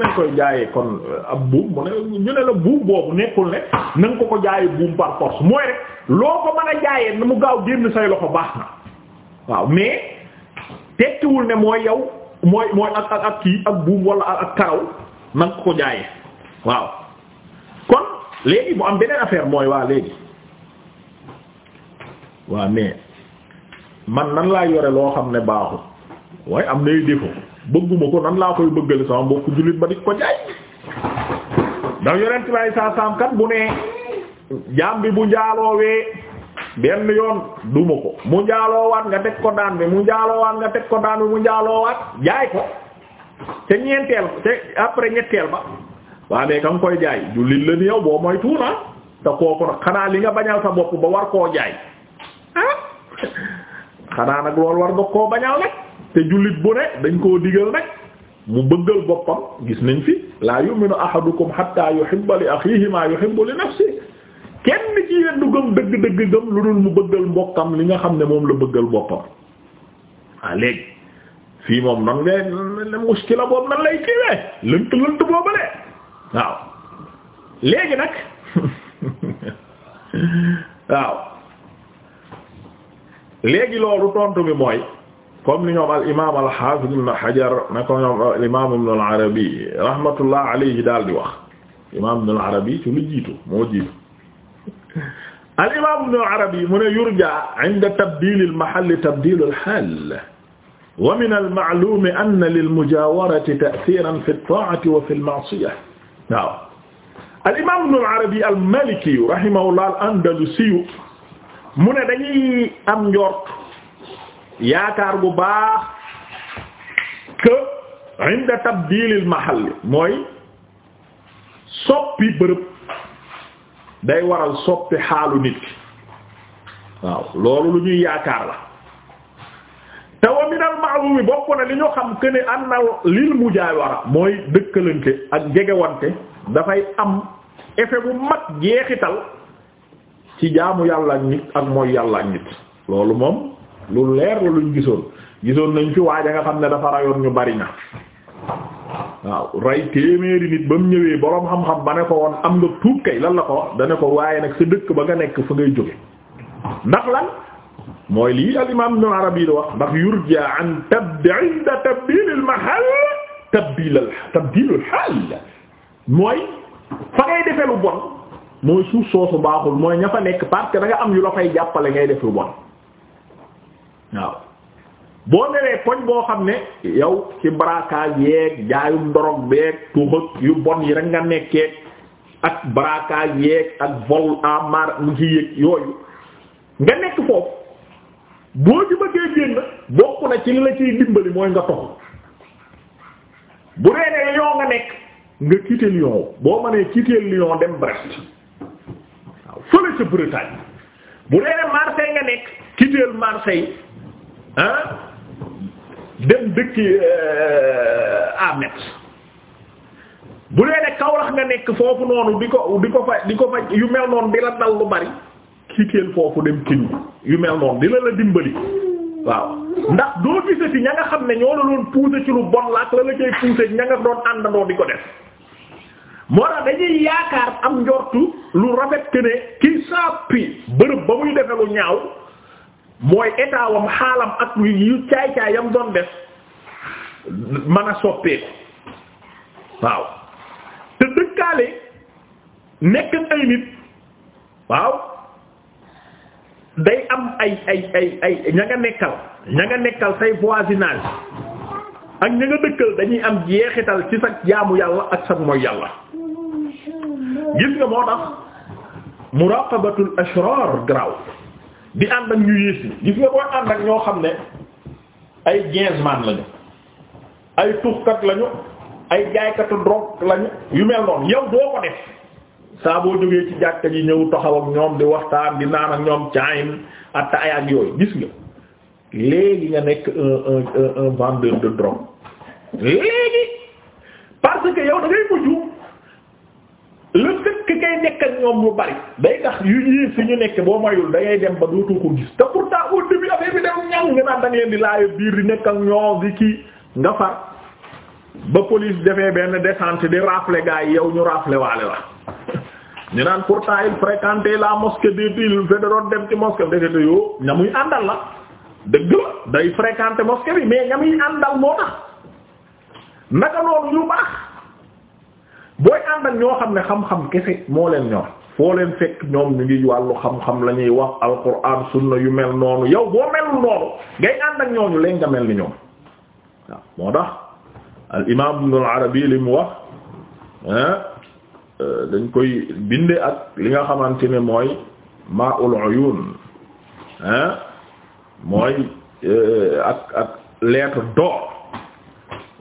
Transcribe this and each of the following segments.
nan koy jaayee kon euh, ab buum mu ne ñu ne la buum boobu nekkul ne na ko ko jaayee buum par force mooy rek loo ko mën a jaayee na mu gaaw génn say loxo baax na waaw mais tekkiwul ne mooy yow mooy mooy ak ak ak kii ak buum wala ak karaw na ko ko jaayee waaw kon léegi mu am beneen affaire mooy waa léegi waa mais man nan laa yore loo xam ne baaxul waaye am nay défaut bëgguma ko nan laa koy bëggale sama mbokku jullit ba di ko jaay ndax yonent bi saa bu nee jaam bi bu njaaloowee benn yoon duma ko mu njaaloowaat nga teg ko daan bi mu njaaloowaat nga teg ko daan bi mu njaaloowaat jaay ko te ñeenteel te après ñetteel ba waa mais ka nga koy jaay jullit la ni yow boo mooy tuuna ah. te kooku nag xanaa li nga bañal sa bopp ba war koo jaay ah xanaa nag loolu war nga koo bañal nag te jullit bu ne dañ koo digal nag mu bëggal boppam gis nañ fi laa yu'minu ahadukum hatta yuhibba li akhihi du gëm dëgg-dëgg gëm lu dul mu bëggal mbokkam li nga xam ne moom la bëggal boppam ah, léegi fii moom nan ngay muskila boobu nan lay kiiwee lënt lënt boobale waaw léegi nag waaw léegi loolu tontu bi mooy comme ni ñoom al imaam al haafiz ibn Hajar na ko ñoom al imaam ibn al Arabi rahmatullah alayhi daal di wax imaam ibn al Arabi ci lu jiitu moo jiitu al imaam ibn al Arabi mu ne yurja inda tabdil al mahall tabdil al hal wa min al ma'lum anna lil mujaawarati ta'thiran fi at-taa'ati wa fi al ma'siyah waaw al imaam ibn al Arabi al Maliki rahimahullah al Andalusi mu ne dañuy am njort yaakaar bu baax que inda tabdilil mahal mooy soppi bërëb day waral soppi xaalu nit ki waaw loolu lu ñuy yaakaar la te wa min al ma'lum bokk na li ñu xam que ne am na lil mujaawara mooy dëkkalante ak jegewante dafay am effet bu mag jeexital ci jaamu yàlla ak nit ak mooy yàlla nit loolu moom lu leer la luñ gisoon gisoon nañ fi waaja nga xam ne dafa rayoon ñu bari na waaw rey téeméeri nit ba mu ñëwee boroom xam-xam ba ne ko woon am nga tuub kay lan la ko wax da ko waaye nag sa dëkk ba nga nekk fa ngay jóge ndax lan mooy lii al imam ibn Arabi wax ndax yurja an tab'ida tabdil al mahal tabdil al mooy fa ngay defee lu bon mooy suuf soosu baaxul mooy ña fa nekk parce que am yu la fay jàppale ngay def lu bon waaw boo newee koñ boo xam ne yow ci braquage yeeg jaayum dorog beeg tuuxag yu bon yi rek nga nekkee ak braquage yeeg ak vol en mar mu ci yéeg yooyu nga nekk foofu boo ci bëggee génn bokk na ci li la ciy dimbali mooy nga toxu bu dee ne Lyon nga nekk nga quitter Lyon boo mënee quitter Lyon dem Brest waaw fële ca Bretagne bu dee ne nga nekk quitter Marseille ah dem dëkk euh, Amet bu dee ne Kaolack nga nekk foofu noonu di ko di ko fa di ko fa yu mel noonu di la dal lu bari kiiteel foofu dem kiiñ yu mel noonu di la la dimbali waaw ndax doo gisati ña nga xam ne ñoo la doon pousser ci lu bon la ak la la cay pousser ña nga doon àndandoo di ko def moo tax dañuy yaakaar am njortu lu rafet que ne kii sàppi bërëb ba muy defe lu ñaaw mooy état wam xaalam ak yu caay caay yam doon def mën a soppeeku waaw te dëkkaale nekk ay nit waaw day am ay ay ay ay ña nga nekkal ña nga nekkal say voisinage ak ña nga dëkkal dañuy am jeexital ci sa jaamu yàlla ak sa mooy yàlla gis nga moo tax muraqabatul ashrar graw di ànd ak ñu yées yi gis nga boo ànd ak ñoo xam ne ay ginzman lañu ay tuxkat lañu ay jaaykatu drogue lañu yu mel noonu yow doo ko def saa boo jógee ci jàkka ji ñëw taxaw ñoom di waxtaan di naan ak ñoom caayin ataaya ak yooyu gis nga léegi nga nekk un un un vendeur de drogue léegi parce que yow da ngay mujj ki ngay nekk ak ñoom lu bari day tax yu ñii fi ñu nekk boo mayul da ngay dem ba dootoo ko gis te pourtant au début affaire bi dem ñaŋ nga naan da di laaj biir di nekk ak ñoom di kii nga far ba police defee benn descente di rafle gars yi yow ñu rafle waale la ñu naan pourtant il fréquentait la mosquée de il fait dem ci mosquée ndekete yoo ñam muy àndal la dëgg la day fréquenter mosquée bi mais ña muy àndal moo tax naka yu baax. booy ànd ak ñoo xam ne xam-xam kese moo leen ñor foo leen fekk ñoom ñu ngi wàllu xam-xam la ñuy wax alquran sunna yu mel noonu yow boo melul noonu ngay ànd ak ñooñu leen nga mel ni ñoom moo tax al imam ibn arabi li mu wax euh, dañ koy binde ak li nga xamante ne mooy ma'ul uyun mooy euh, ak ak lettre d'or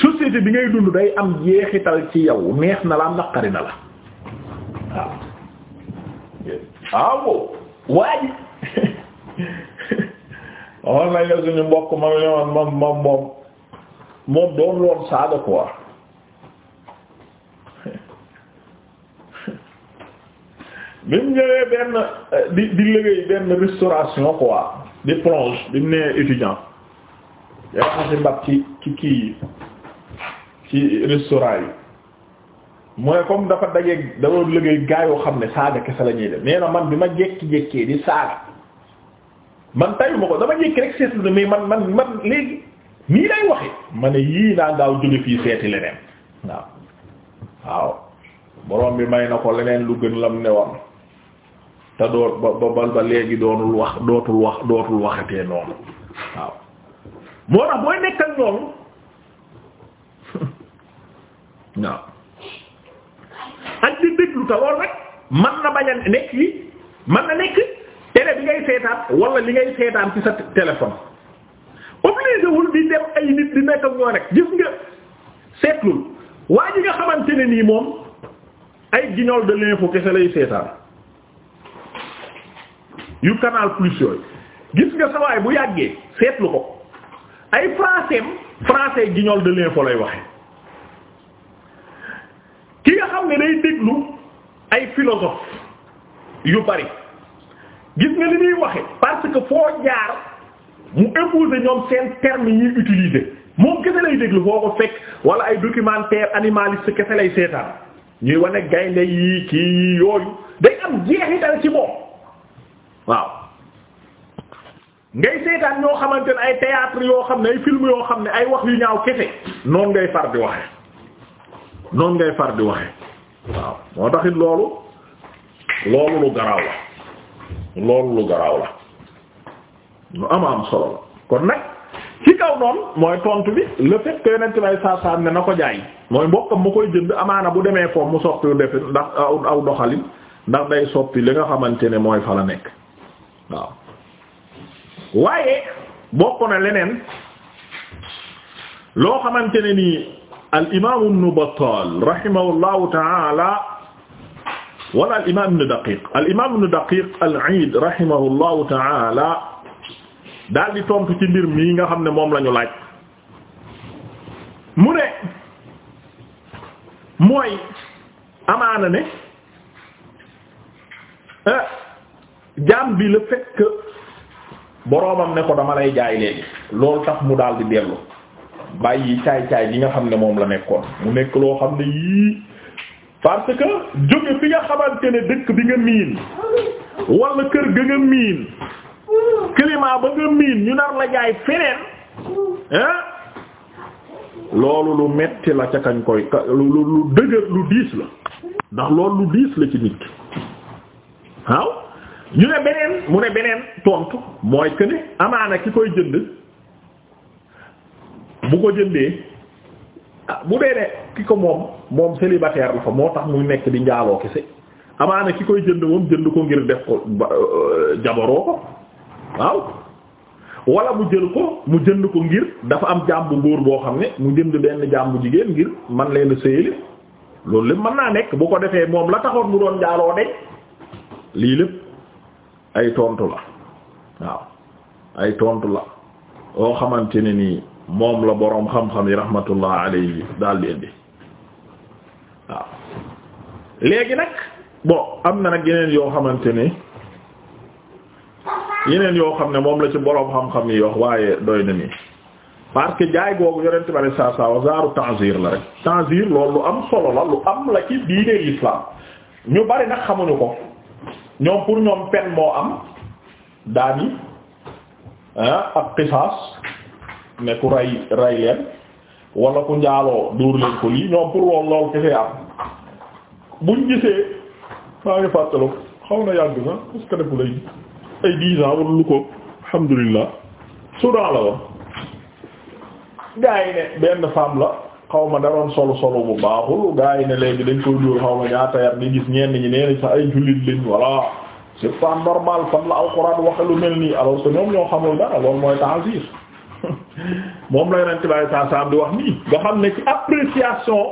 société bi ngay dund day am jeexital ci yow neex na la am naqari na la waaw waaw ah waaj moom moom moom doon loon saaga quoi bi mu ñëwee benn di di liggéey benn restauration quoi di plonge bi mu nee étudiant yaa xam si ci ci kii ci restaurant yi mooy comme dafa dajeeg da doon liggéey gaa yoo xam ne saaga kese la ñuy def man bi ma jékki-jékkee di saaga man tayu ma ko dama jékki rek seetlu ne mais man man man léegi nii lay waxe ma ne yii naa gaaw jóge fii seeti leneen waaw waaw borom bi may na ko leneen lu gën lam ne woon te doo ba ba ba léegi doonul wax dootul wax dootul waxatee noonu waaw moo tax booy nekkal noonu. waaw ak di déglu te lool man na bañ a nekk yi man na nekk télé bi ngay seetaan wala li ngay seetaan ci sa téléphone obligé wul di dem ay nit di nekk ak rek gis nga seetlul waa ji nga xamante ne moom ay guignol de l'info kese lay seetaan yu canal plus yooyu gis nga sawaay bu yàggee seetlu ko ay français français guignol de l'info lay waxe xam ne day déglu ay philosophe yu bari gis nga li muy waxe parce que foo jaar mu épouser ñoom seen terme yi ñuy utiliser moom kese lay déglu foo ko fekk wala ay documentaire animaliste kese lay seetaan ñuy wane gaynde yi kii yooyu day am jeexital ci moom waaw ngay seetaan ñoo xamante ne ay théâtre yoo xam ne ay film yoo xam ne ay wax yu ñaaw kese noonu ngay far di waxe noonu ngay far di waxe waaw moo taxit loolu loolu lu garaaw la loolu lu garaaw la lu ama am solo la kon nag ci kaw noonu mooy tontu bi le fait que yonent bay saasaam ne na ko jaay mooy mbokkam ma koy jënd amaana bu demee foofu mu soppiwu defe ndax aw aw doxalin ndax day soppi li nga xamante ne mooy fa la nekk waaw waaye bokk na leneen loo xamante ne nii al imaamu ibnu Battaal rahimahullahu ta'ala wala al imaam ibnu Daqiiq al imaam ibnu Daqiiq al-Iid rahimahullahu daal di tontu ci mbir mii nga xam ne moom lañu ñu laaj mu ne mooy amaana ne eh, jaam bi le fait boroomam ne ko dama lay jaay léegi loolu tax mu daal di dellu. bàyyi caay-caay gi nga xam ne moom la nekkoon mu nekk loo xam ne yii parce que jóge fi nga xamante ne dëkk bi nga miin wala kër ga nga miin climat ba nga miin ñu nar la jaay feneen ah loolu lu metti la ca kañ koy lu lu lu dëgër lu diis la ndax loolu lu diis la ci nit waaw ñu ne beneen mu ne beneen tontu mooy que amaana ki koy jënd. bu ko jëndee ah bu dee ne ki ko moom moom célibataire la fa moo tax muy nekk di njaaloo kese amaana ki koy jënd moom jënd ko ngir def ko euh, jabaroo ko waaw wala mu jël ko mu jënd ko ngir dafa am jàmb góor boo xam ne mu jënd benn jàmbu jigéen ngir man leen a loolu lépp mën naa nekk bu ko defee moom la taxoon mu doon njaaloo de lii lépp ay tontu la waaw ay tontu la oo xamante ne nii moom la boroom xam-xam yi rahmatullah alayhi daal di indi waaw léegi nag bon am na nag yeneen yoo xamante ni yeneen yoo xam ne moom la ci boroom xam-xam yi wax waaye doy na nii parce que jaay googu yonent bari saa saa wa zaaru tanzir la rek tanzir loolu am solo la lu am la ci diine l'islam ñu bari nag xamuñu ko ñoom pour ñoom pen moo am daani ah, ak qisaas ne ku ray ray leen wala ku njaaloo dóor leen ko lii ñoom pour lool lool kese am buñ gisee maa ngi fàttalo xaw na yàgg sax parce que defu lay ay dix ans wala lu ko alhamdulillah Soudan la woon gaa yi ne benn femme la xaw ma daroon solo solo bu baaxul gaa yi ne léegi dañ koy dóor xaw ma ñaata yar di gis ñenn ñi nee nañ sax ay jullit lañ voilà c'est normal fan la alxuraan waxe lu mel nii alors que ñoom ñoo xamul dara loolu mooy tensir moom la yonent bi saa saa di wax nii nga xam ne ci appréciation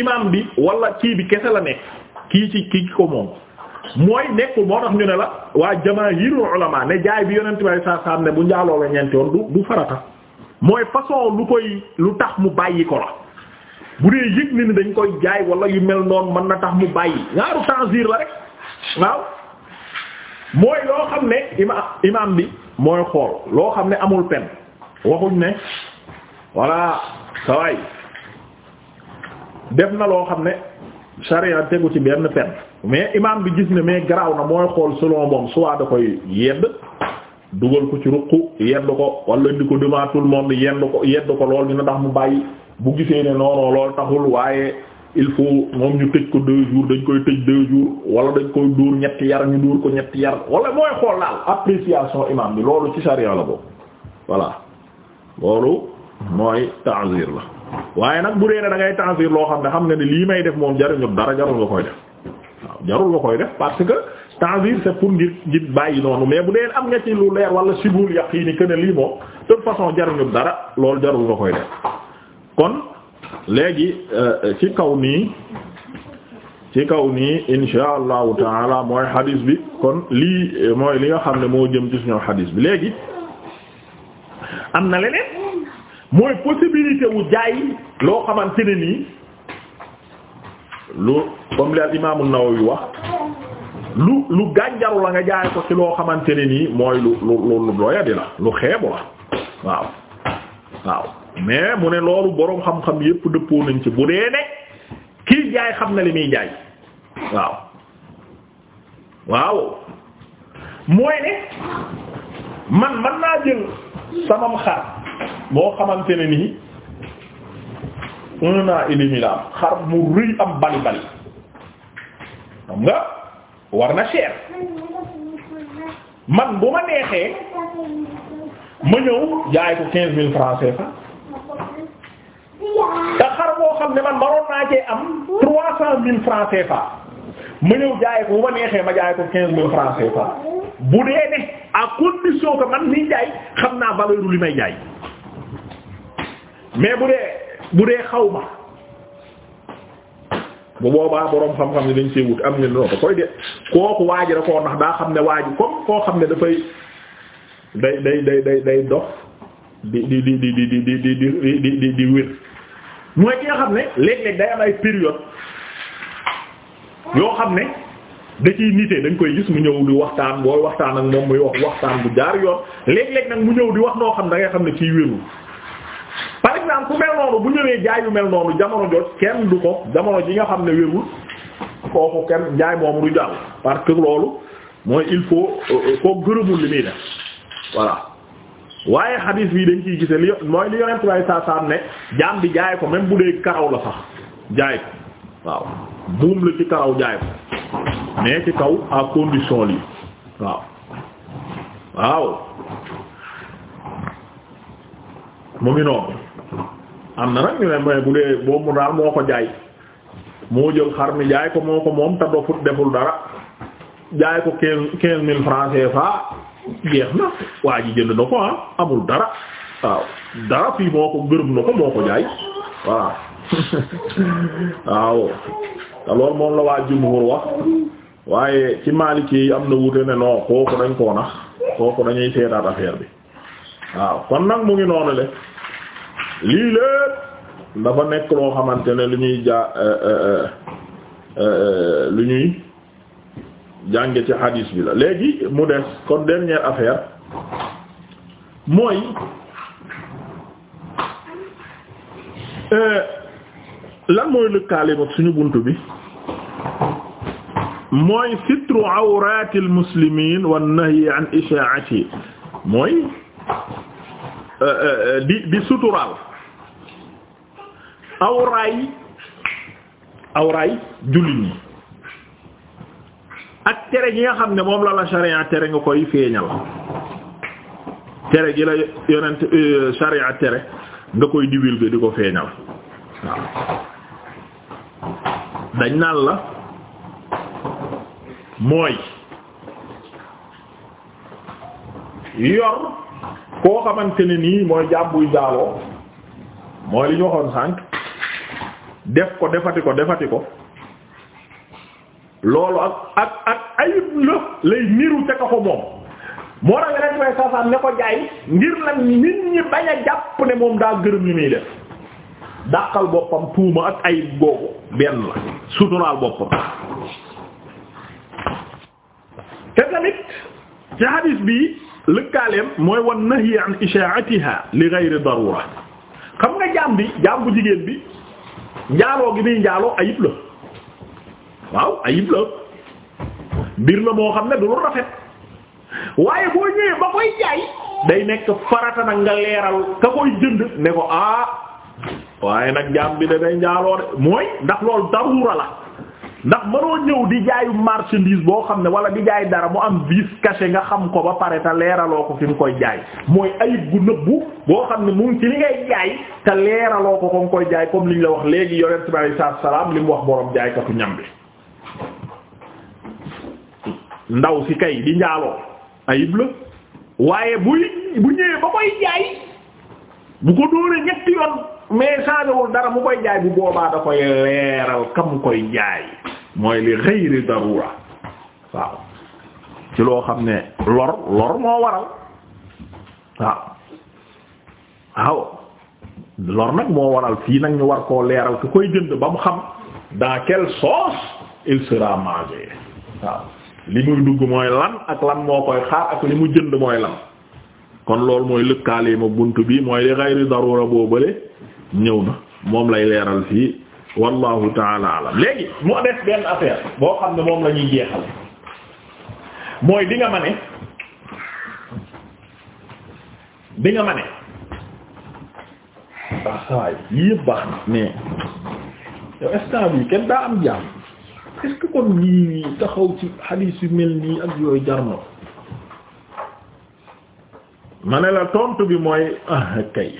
imam bi wala kii bi kese la nekk kii ci kii ko moom mooy nekkul moo tax ñu ne la waa jamaahirul ulama ne jaay bi yonent bi saa saa ne bu njaaloo la ñeenti yoon du farata mooy façon lu koy lu tax mu bàyyi ko la bu dee yëg ni ni dañ koy jaay wala yu mel noonu mën na tax mu bàyyi ñaaru tanzir la rek waaw mooy loo xam ne ima imam bi mooy xool loo xam ne amul pen waxuñ ne voilà sawaay def na loo xam ne sharia tegu ci benn pen mais imam bi gis ne mais garaaw na mooy xool selon moom soit da koy yedd dugal ko ci ruq yedd ko wala di ko devant tout le ko yedd ko lool dina ndax mu bàyyi bu gisee ne noonoo lool taxul waaye il faut moom ñu tëj ko deux jours dañ koy tëj deux jours wala dañ koy dóor ñetti yar ñu dóor ko ñetti yar wala mooy xool daal appréciation imam bi loolu ci sharia la boobu voilà loolu mooy ta'zir la waaye nag bu dee ne da ngay loo xam ne xam nga ne lii may def moom jaruñu dara jarul nga koy def waaw jarul nga koy def parce que ta'zir c'est pour ngir ngir bàyyi noonu mais bu dee am nga ci lu leer wala sibul yaqini que ne lii moom de toute façon jaruñu dara loolu jarul nga koy def kon léegi euh, ci kaw nii ci kaw nii insha allahu taala mooy hadis bi kon lii mooy li nga xam ne moo jëm ci suñu hadis bi léegi. am na leneen mooy possibilité jaay loo xamante ne nii lu comme li al imaamu Nawawi wax lu lu gànjaru la nga jaay ko ci loo xamante ne nii mooy lu lu lu doyadi la lu xeebu la waaw waaw mais mu ne loolu boroom xam-xam yépp dëppoo nañ ci bu dee ne kii jaay xam na li muy jaay waaw waaw mooy ne man man naa jël samam xar moo xamante ne nii un an et demi xar mu rëy am bali bali xam nga war na cher man bu ma neexee ma ñëw jaay ko quinze mille francs CFA te xar boo xam ne man maroon naa cee am trois cent mille francs CFA ma ñëw jaay ko bu ma neexee ma jaay ko quinze mille francs CFA bu dee ne à condition que man ni jaay xam naa valeur li may jaay mais bu dee bu dee xaw ma bu boobaa boroom xam-xam ne dañ see wut am ne noonu da ko de kooku waaj da koo ndax daa xam ne waaju comme koo xam ne dafay day day day day day dox di di di di di di di di di di di di wér mooy ki nga xam ne léeg-léeg day am ay période yoo xam ne da ciy nite dañ koy gis mu ñëw di waxtaan booy waxtaan ak moom muy wax waxtaan bu jaar yoon léeg-léeg nag mu ñëw di wax noo xam ne dangay xam ne ciy wérul par exemple ku mel noonu bu ñëwee jaay yu mel noonu jamono jot kenn du ko jamono ji nga xam ne wérul kooku kenn jaay moomu du jàll parce que loolu mooy il faut koo euh, euh, gërëmul li muy def voilà waaye xadiis bi dañ ciy gise li mooy li yonent way saa saam ne jaam di jaay ko même bu dee karaw la sax jaay ko waaw buum la ci karaw jaay ko mais ci kaw à condition lii waaw waaw mu ngi noonu am na nag ñu ne bu dee boobu mu daal moo ko jaay moo jël xar mi jaay ko moo ko moom te dofut deful dara jaay ko quinze quinze mille francs CFA jeex na waa ji jënd na ko ah. amul dara waaw dara fii moo ko gërëm na ko moo ko jaay waaw waaw te moom la waa jumhur wax waaye ci Maliki yi am na wute ne non kooku dañ koo nax kooku dañuy seetaat affaire bi waaw kon nag mu ngi noonu le lii lépp dafa nekk loo xamante ne lu ñuy ja euh, euh, euh, lu ñuy jànge ci hadis bi la léegi mu des kon dernière affaire mooy lan mooy lëkkaale ak suñu bunt bi mooy sitru awratil muslimin wan nahyi an isha'ati mooy euh, euh, di di suturaal awraay jullit ñi ak tere gi nga xam ne moom la la sharia tere nga koy feeñal tere gi la yonent euh, sharia tere nga koy diwil bi di ko feeñal dañ naan la mooy yor koo xamante ne nii mooy jàmbuy jaaloo mooy li ñu waxoon sànq def ko defati ko defati ko loolu ak ak ak la lay niru te ko moom moo tax yeneen way saasaan ne ko jaay ngir nag nit ñi bañ a jàpp ne moom daa gërëm li muy def dàqal boppam tuuma ak ayib boobu benn la suturaal boppam te tamit ci hadis bi lëkkaaleem mooy wan nahyi an ishaa'atiha li ghayri darura xam nga jaam bi jaam bu jigéen bi njaaloo gi muy njaaloo ayib la waaw ayib la mbir la moo xam ne du lu rafet waaye boo ñëwee ba koy jaay day nekk farata nag nga leeral ka koy jënd ne ko ah waaye nag jaam bi da day njaaloo de mooy ndax lool darura la ndax mënoo ñëw di jaayu marchandise boo xam ne wala di jaay dara mu am vice kase nga xam ko ba pare te leeraloo ko fi nga koy jaay mooy ayib gu nëbbu boo xam ne mu ngi ci li ngay jaay te leeraloo ko ko nga koy jaay comme li la wax léegi yonent bi salaam li mu wax borom jaaykatu ñam bi ndaw si kay di njaaloo ayib la waaye buy bu ñëwee ba koy jaay bu ko dóoree ñetti yoon mais changéwul dara mu koy jaay bu boobaa da koy leeral kam koy jaay mooy li ghayri darura waaw ci loo xam ne lor lor moo waral waaw waaw lor nag moo waral fii nag ñu war koo leeral ku koy jënd ba mu xam daa quelle sauce il sera mangé waaw li muy dugg mooy lan ak lan moo koy xaar ak li mu jënd mooy lan kon loolu mooy lëkkaale bunt bi mooy li ghayri darura boobale ñëw na moom lay leeral fii wallahu taala alam léegi mu des benn affaire boo xam ne moom la ñuy jeexal mooy di nga ma ne di ma ne waaw sawaay yi bi kenn daa am jaam est-ce kon ñii taxaw ci hadith yu mel nii ak yooyu jar na ma ne la tontu bi mooy ah, kay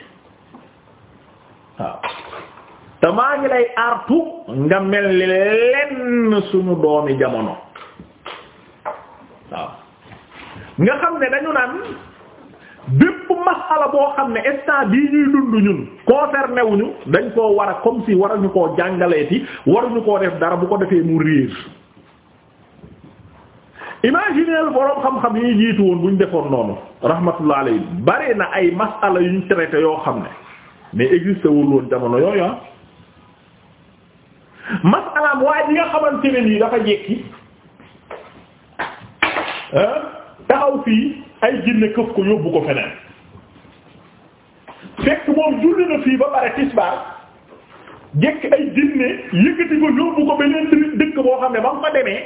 waaw te maa ngi lay artu nga mel ni lenn suñu doomi jamono waaw nga xam ne dañu naan bépp masala boo xam ne instant bii ñuy dund ñun concerné wuñu dañ koo war a comme si waruñu koo jàngaleeti waruñu koo def dara bu ko defee mu réer imaginez boroom xam-xam yi ñu jiitu woon bu ñu defoon noonu rahmatullah alayhi bari na ay masala yuñ traité yoo xam ne mais existe wul woon jamono yooyu ah masalaam waaye bi nga xamante ne nii dafa jekki ah, taxaw fii ay jinne këf ko yóbbu ko feneen fekk moom julli na fii ba pare tisbaar jekki ay jinne yëkkati ko yóbbu ko beneen dëkk boo xam ne ba mu fa demee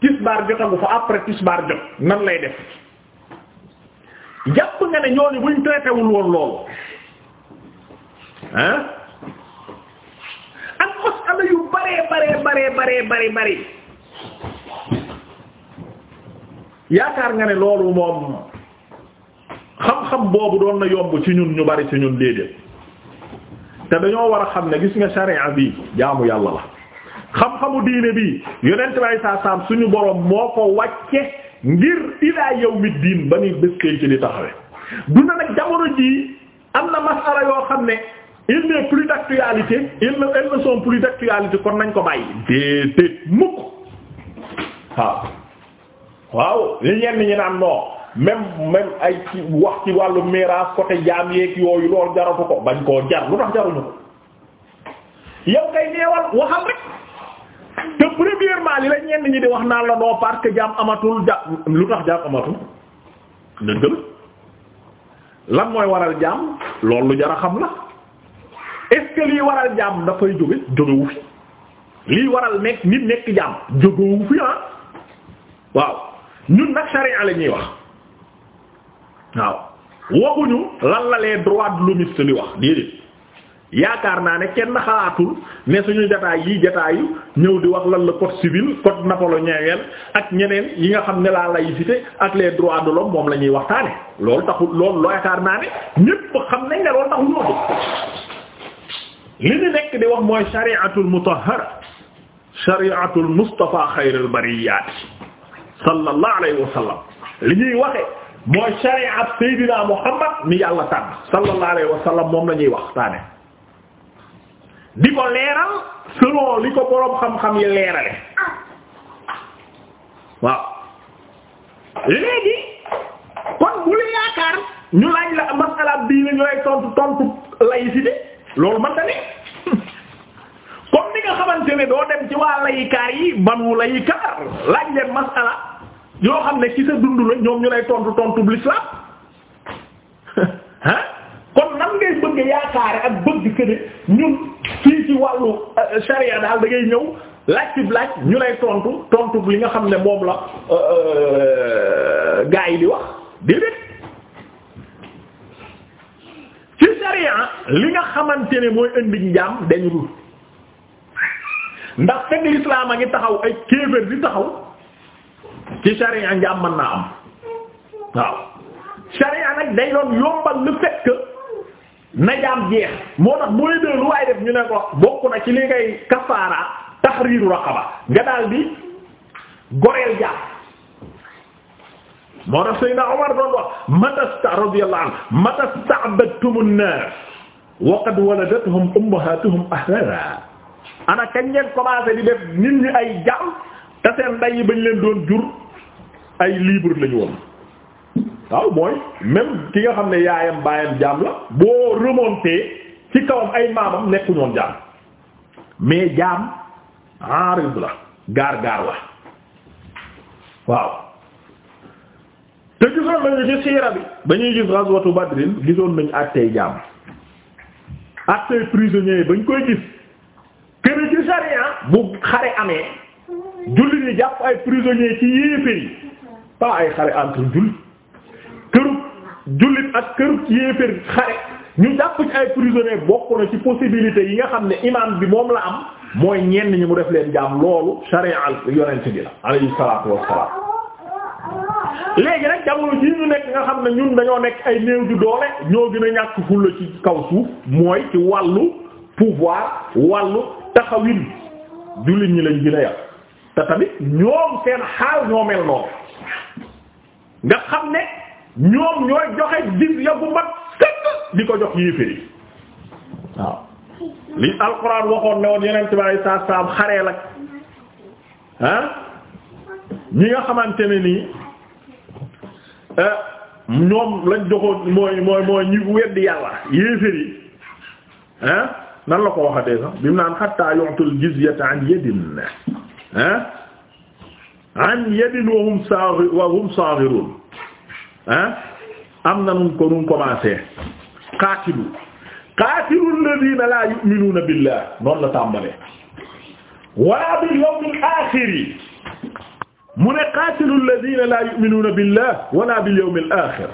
tisbaar jotagu fa après tisbaar jot nan lay def jàpp nga ne ñooñu buñ traité wul woon loolu ah ak masala yu baree baree baree baree yaakaar nga ne loolu moom xam-xam boobu doon na yomb ci ñun ñu bari ci ñun déedéet te dañoo war a xam ne gis nga sharia bi jaamu yàlla la xam-xamu diine bi yonent saa saam suñu borom moo ko wàcce ngir ilaa yawmi diin ba ni bés ci li taxawee du na nag jamono jii am na masala yoo xam ne il n'est plus d'actualité il ne elles ne sont plus d'actualité kon nañ ko bàyyi déedéet mukk waaw waaw li ñenn ñi naan non même même ay wax ci wàllu miraas côté jaam yeeg yooyu loolu jaratu ko bañ koo jar lu tax jaruñu ko yow kay neewal waxal rek te premièrement li la ñenn ñi di wax naa la noo parce jaam amatul ja lu tax jaam amatul dëgg lan mooy waral jaam loolu lu a xam la est-ce waral jaam dafay jóge jógewu fi lii waral nekk nit nekk jaam jógewu fi ah waaw ñun nag charia la ñuy wax waaw waxuñu lan la les droits de li wax déedéet. yaakaar naa ne kenn xalaatul ne suñu jataay yi jataayu ñëw di wax lan la code civil code napoléonien ak ñeneen yi nga xam ne la laïcité ak les droits de l'homme moom la ñuy waxtaane loolu taxul loolu loo yaakaar naa ne ñépp xam nañ ne loolu taxul ñoo li ñu nekk di wax mooy shari'atul mutahhara shari'atul mustafa xayrul bariyat sallallahu alayhi wa sallam li ñuy waxe mooy shari'at sayyidina muhammad ni yàlla tànn sallallahu alayhi wa moom la ñuy waxtaane di ko leeral selon li ko boroom xam-xam yi leerale waaw léegi kon bu la yaakaar ñu laaj la masala bii la ñu lay tontu tontu laïcité loolu man tamit comme ni nga xamante ne doo dem ci waa layikaar yi banu layikaar laaj leen masala yoo xam ne ci sa dund la ñoom ñu lay tontu tontu bu l'islam ah kon nan ngay bëgg yaakaare ak bëgg que ne ñun fii ci wàllu euh, sharia daal da ngay ñëw laaj ci laaj ñu lay tontu tontu li nga xam ne moom la euh, euh, gaa yi di wax déedéet ci sharia li nga xamante ne mooy indi njaam dañu dul ndax fekk lislaam a ngi taxaw ay kéefër di taxaw ci sharia njaam man naa am waaw sharia nag day doon yombal le fait najaam jeex moo tax boo dee lu waaye def ñu ne ko bokk na ci li ngay kafaara tahriiru raqaba nga daal di goreel jàpp moo tax a Umar doon wax matasta radiyallahu anhu matasta'badtumu an-naas wa qad waladathum ummahatuhum ahraa ana kañ ngeen commencé di def nit ñi ay jaam bañ leen doon jur ay libre lañu woon waaw mooy même ki nga xam ne yaayam baayam jaam la boo remonté ci kawam ay maamam nekkuñoon jaam mais jaam enrib la gaar-gaar la waaw te gisoon nañu ci siira bi ba ñuy gis ghazwatu badrin gisoon nañu àttee jaam àttee prisonnier ba ñu koy gis kër ci sharia bu xare amee jullit yi jàpp ay prisonnier ci yéeféer yi pas ay xare entre jullit jullit ak kër yéeféer xare ñu jàpp ci ay prisonniers bokk na ci possibilité yi nga xam ne imam bi moom la am mooy ñenn ñi mu def leen jaam loolu sharia yonent bi la alayhi salaatu wassalaam léegi nag jamono ji ñu nekk nga xam ne ñun dañoo nekk ay néew du doole ñoo gën a ñàkk fulla ci kaw suuf mooy ci wàllu pouvoir wàllu taxawin jullit ñi lañ gën a yàq te tamit ñoom seen xaal ñoo mel noonu nga xam ne ñoom ñooy joxe jizya bu mat di ko jox yéeféer waaw li alxuraan waxoon ne woon yeneen tibaay saa saam xareel ak ah ñi nga xamante ne nii eh, ñoom lañ joxoon mooy mooy mooy ñi weddi yàlla yéeféer yi ah nan la ko waxatee sax bi mu naan xatta yu'tul jizyata an yadin ah an yadin wa hum saghir wa hum saghirun ah am na nun ko nun commencé qaatilu qaatilu alladina la yu'minuna billah noonu la tàmbalee wala bil yawmil axiri mu ne qaatilu alladina la yu'minuna billah wala bil yawmil axir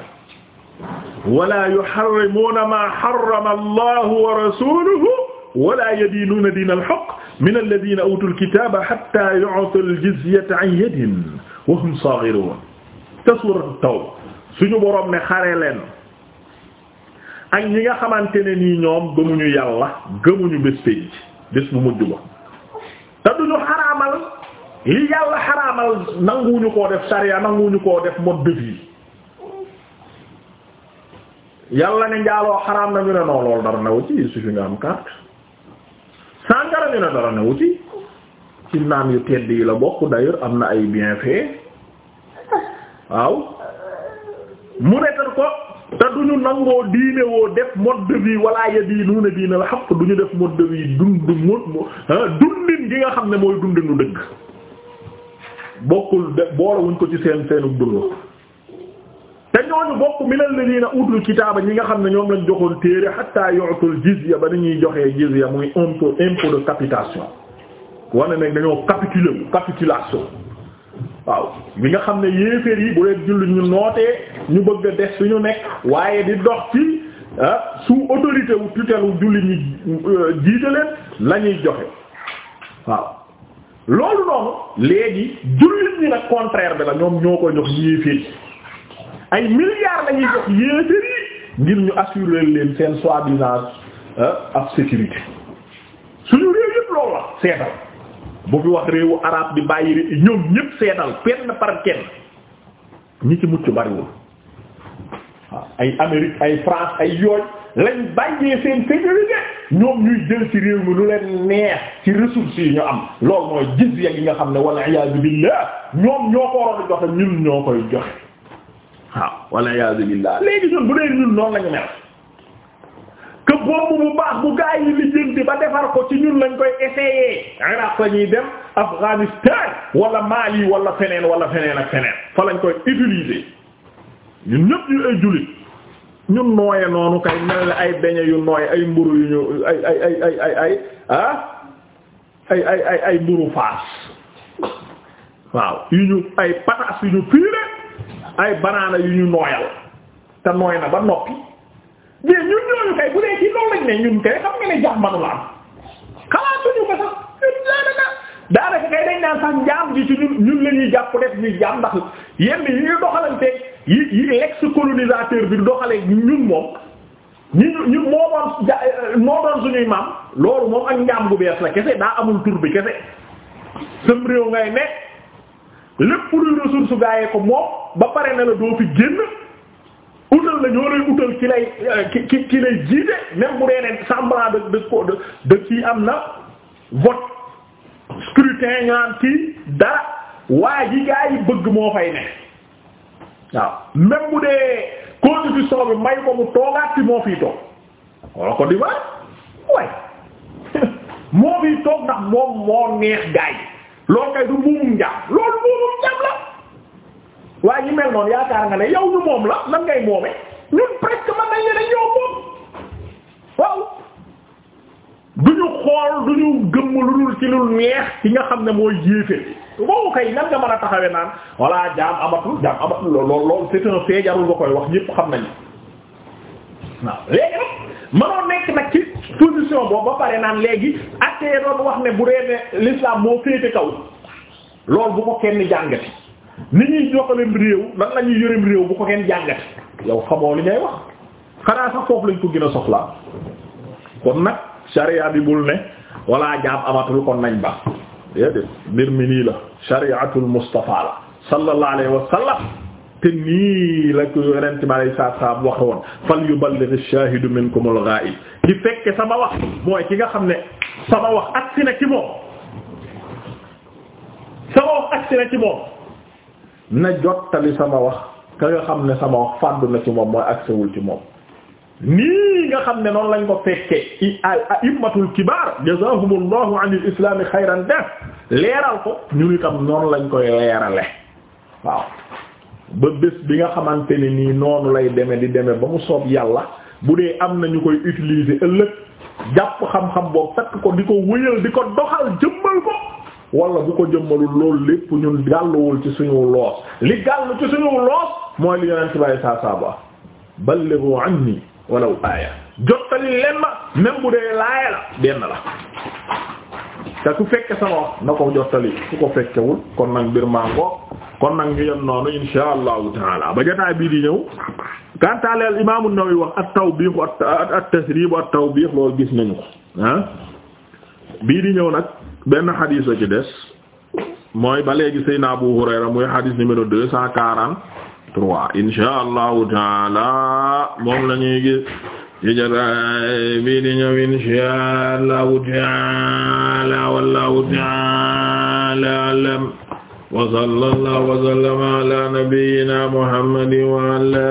wala yuharrimuna ma harrama allahu wa rasuluhu wala yadiinuna diina al-haqq min alladina utul kitaaba hatta yu'tul jizyata an yadin wa hum saghiruun te suurat tawba suñu boroom ne xare leen ak ñi nga xamante ne nii ñoom gëmuñu yàlla gëmuñu bés pénc bés bu mujj ba te duñu xaraamal li yàlla xaraamal nanguwuñu koo def sariya nanguwuñu koo def mode de vie yàlla ne njaaloo xaraam na ñu ne non loolu dara newu ci su nga am carte sàngara ñu ne dara newu ci ci naan yu tedd yi la bokk d'ailleurs am na ay bienfaits waaw mu nekkal ko te duñu nangoo diine woo def mode de vie wala ya diinuuna diina la xaq duñu def mode de vie dund ah dundin gi nga xam ne mooy dundinu dëgg bokkul de boolewuñ ko ci seen seenu dund te ñooñu bokk minal ladina utul kitaaba ñi nga xam ne ñoom lañ joxoon téere hatta yu'tul jizya ba nañuy joxee jizya muy impôt impôt de capitation wane ne dañoo capitulé capitulation waaw bi nga xam ne yéeféer yi bu leen jullit ñu nootee ñu bëgg a des suñu nekk waaye di dox ci ah sous autorité wu jullit ñi euh, jiite leen lañuy ñuy joxe waaw loolu noonu léegi jullit ñi nag contraire bi la ñoom ñoo koy jox yéeféer yi ay milliards la jox yéeféer yi ngir ñu assurer leen seen soi-disant ah, ak sécurité suñu réew yëpp loolu la seetal bu fi wax réewu arab bi bàyyi ñoom ñépp seetal kenn par kenn ñi ci mucc bariwul waaw ay Amérique ay France ay yooy lañ bàyyee seen sécurité ñoom ñuy jël ci réew mi lu leen neex ci ressources yi ñu am loolu mooy jizya gi nga xam ne walla iyaazu billah ñoom ñoo ko waroon a joxe ñun ñoo koy joxe waaw walla iyaazu billah léegi ñun bu dee ñun noonu lañu mel que bomb bu baax bu gaa yi lijjanti ba defar ko ci ñun lañ koy essayer Iraq la ñuy dem Afghanistan wala Mali wala feneen wala feneen ak feneen fa koy utiliser ñëpp ñu ay jullit ñun noonu kay mel ay beñe yu nooy ay mburu yu ñu ay ay ay ay ay ay ah ay yu ñu ay pataas ay banaana yu ñu nooyal te nooy na ba noppi mais ñun ñooñu kay bu dee ci loolu lañ ne ñun kay xam nga ne jaam manula am xalaatuñu ko sax daanaka daanaka kay njaam gi ci ñun ñun la jàpp def ñuy jaam ndax yenn yi ñuy doxalante yi yi l'ex-colonisateur bi doxale ñun moom ñu ñu moo doon ja moo doon suñuy maam loolu moom ak njaam gu bees la kese daa amul tur bi kese sam réew ngay nekk lépp luy ressource gaayee ko moom ba pare na la doo fi génn utal la ñoo lay utal ki lay ki ki lay jiite même bu dee ne semblant de de de de am na vote scrutin ñu naan dara waa ji gaa yi bëgg moo fay ne waaw même bu dee constitution bi may ko mu toogaat ci moo fiy toog wala ko di ma moo fiy toog ndax moom moo neex gaa yi loolu kay du buumum njàm loolu buumum njàm la. waaye ñi mel noonu yaakaar nga ne yow ñu moom la nan ngay moome ñun presque man nañ ne dañoo moom waaw du ñu xool du ñu gëmm lu dul ci lu neex ci nga xam ne mooy yéeféer boobu kay nan nga mën a taxawee naan voilà jaam amatul jaam amatul lool lool c'est un jarul nga koy wax ñépp xam nañ waaw léegi nekk nag ci position boobu ba pare naan léegi acte doon wax ne bu dee ne l'islam moo féete kaw lool bu ko kenn jàngati ni ñuy joxalem réew lan la ñuy yoreem réew bu ko kenn jàngat yow xamoo li ngay wax xanaa sax foofu lañ ko gën a soxlaa kon nag sariya bi bul ne walla jaam amatul kon nañ ba déedéet mbir mi nii la shari'atul Mustafa la sallallahu alayhi wa sallam te nii la ko yonent mi alayhi salaatu salaam waxoon fal yuballigh ash-shaahidu minkumul ghaa'ib ki fekke sama wax mooy ki nga xam ne sama wax agsi na ci moom sama wax agsi na ci moom na jottali sama wax ka nga xam ne sama wax fàddu na ci moom mooy agsewul ci moom nii nga xam ne noonu lañ ko fekke a'immatul kibaar jazaahumullahu anil islaami xayran def leeral ko ñun itam noonu lañ koy leerale waaw ba bés bi nga xamante ne nii noonu lay deme di deme ba mu soob yàlla bu dee am na ñu koy utiliser ëllëg jàpp xam-xam boobu takk ko di ko wëyal di ko doxal jëmmal ko wala bu ko jëmmalul loolu lépp ñun gàlluwul ci suñu loos li gàllu ci suñu loos mooy li yonent bi saa saa ba ballighu anni walaw aaya jottali leen ma bu dee laaya la benn la te ku fekkee sama wax na ko jottali ku ko fekkewul kon nag mbir maa kon nag ñu yem noonu insha allahu taala ba jotaay bii di ñëw kantaale al imaamu Nawawi wax at tawbiix at tasriib at tawbiix loolu gis nañu ko ah. bii di ñëw nag benn xadis la ci des mooy ba léegi Seydina Abu Hurayra muy xadis numéro deux cent quarante trois insha allahu taala moom la ñuy gis ci jataay bi di ñëw insha allahu taala wallahu taala alam wa sallallahu wa sallama ala nabiyyina Muhammadin wa ala